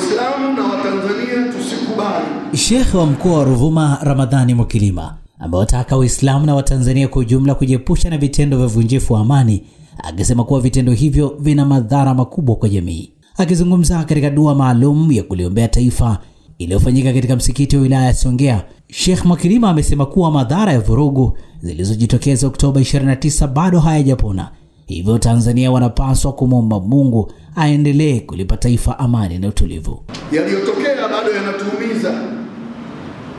Waislamu na Watanzania tusikubali. Sheikh wa mkoa wa Ruvuma Ramadhani Mwakilima amewataka Waislamu na Watanzania kwa ujumla kujiepusha na vitendo vya vunjifu wa amani, akisema kuwa vitendo hivyo vina madhara makubwa kwa jamii. Akizungumza katika dua maalum ya kuliombea taifa iliyofanyika katika msikiti wa wilaya ya Songea, Sheikh Mwakilima amesema kuwa madhara ya vurugu zilizojitokeza Oktoba 29 bado hayajapona Hivyo Tanzania wanapaswa kumwomba Mungu aendelee kulipa taifa amani na utulivu. Yaliyotokea bado yanatuumiza.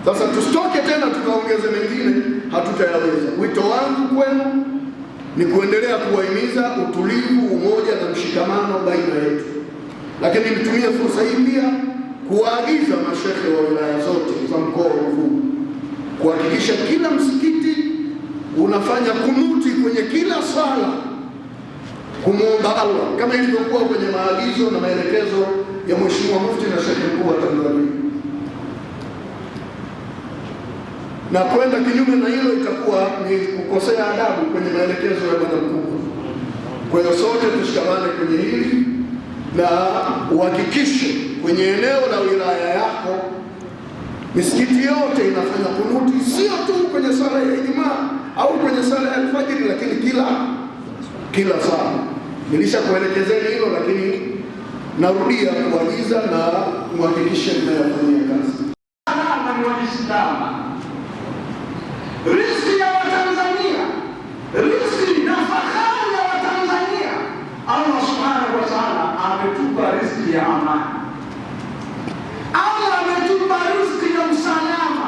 Sasa tusitoke tena tukaongeze mengine, hatutayaweza. Wito wangu kwenu ni kuendelea kuwahimiza utulivu, umoja na mshikamano baina yetu, lakini nitumie fursa hii pia kuwaagiza mashehe wa wilaya zote za mkoa wa Ruvuma kuhakikisha kila msikiti unafanya kunuti kwenye kila sala kumwomba Allah kama ilivyokuwa kwenye maagizo na maelekezo ya Mheshimiwa Mufti na Sheikh Mkuu wa Tanzania. Na kwenda kinyume na hilo itakuwa ni kukosea adabu kwenye maelekezo ya bwana Mkuu. Kwa hiyo sote tushikamane kwenye hili na uhakikishe kwenye eneo la wilaya yako misikiti yote inafanya kunuti, sio tu kwenye sala ya Ijumaa au kwenye sala ya alfajiri, lakini kila kila saa. Nilishakuelekezeni hilo, lakini narudia kuagiza na kuhakikisha mnayafanyia kazi. Waislamu, ya Watanzania, riski na fahari ya Watanzania, Allah subhanahu wa taala ametupa riski ya amani, Allah ametupa riski ya usalama,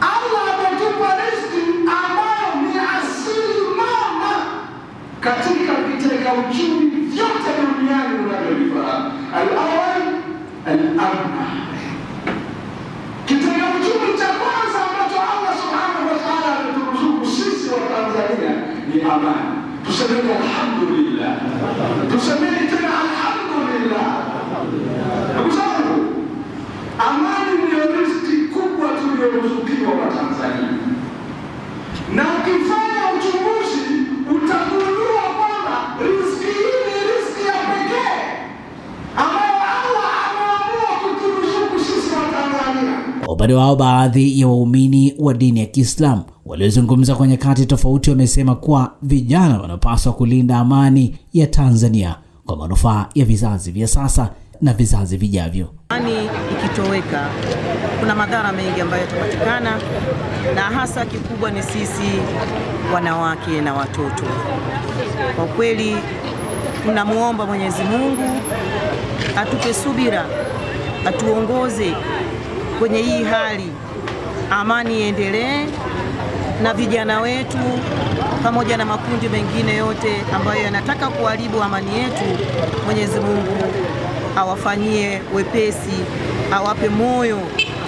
Allah ametupa riski ambayo ni asili mama katika katika uchumi vyote duniani unavyovifahamu. Alawal alamna, kitega uchumi cha kwanza ambacho Allah subhanahu wa taala ameturuzuku sisi wa Tanzania ni amani. Tusemeni alhamdulillah, tusemeni tena alhamdulillah. Ndugu zangu, amani ndiyo riziki kubwa tuliyoruzukiwa. Upande wao baadhi ya waumini wa dini ya Kiislamu waliozungumza kwa nyakati tofauti wamesema kuwa vijana wanapaswa kulinda amani ya Tanzania kwa manufaa ya vizazi vya sasa na vizazi vijavyo. Amani ikitoweka, kuna madhara mengi ambayo yatapatikana, na hasa kikubwa ni sisi wanawake na watoto. Kwa kweli tunamwomba Mwenyezi Mungu atupe subira, atuongoze kwenye hii hali, amani iendelee na vijana wetu pamoja na makundi mengine yote ambayo yanataka kuharibu amani yetu. Mwenyezi Mungu awafanyie wepesi, awape moyo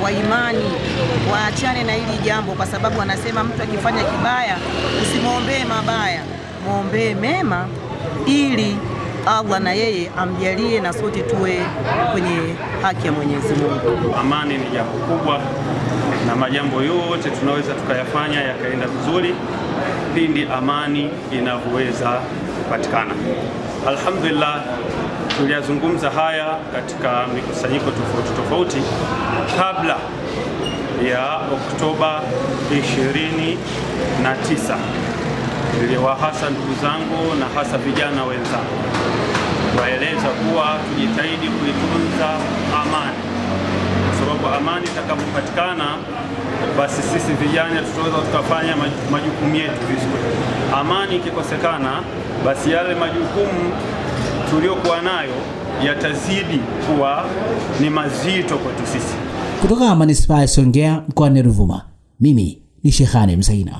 wa imani, waachane na hili jambo, kwa sababu anasema mtu akifanya kibaya usimwombee mabaya, mwombee mema ili Allah na yeye amjalie na sote tuwe kwenye haki ya Mwenyezi Mungu. Amani ni jambo kubwa na majambo yote tunaweza tukayafanya yakaenda vizuri pindi amani inavyoweza kupatikana. Alhamdulillah, tuliyazungumza haya katika mikusanyiko tofauti tofauti kabla ya Oktoba 29 hasa ndugu zangu na hasa vijana wenzangu waeleza kuwa tujitahidi kuitunza amani, kwa sababu amani itakapopatikana basi sisi vijana tutaweza tukafanya majukumu yetu vizuri. Amani ikikosekana, basi yale majukumu tuliyokuwa nayo yatazidi kuwa ni mazito kwetu sisi. Kutoka manispaa ya Songea mkoani Ruvuma, mimi ni Shehani Msaina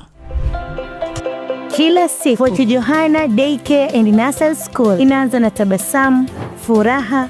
kila siku. Fort Johanna Daycare and Nursery School inaanza na tabasamu, furaha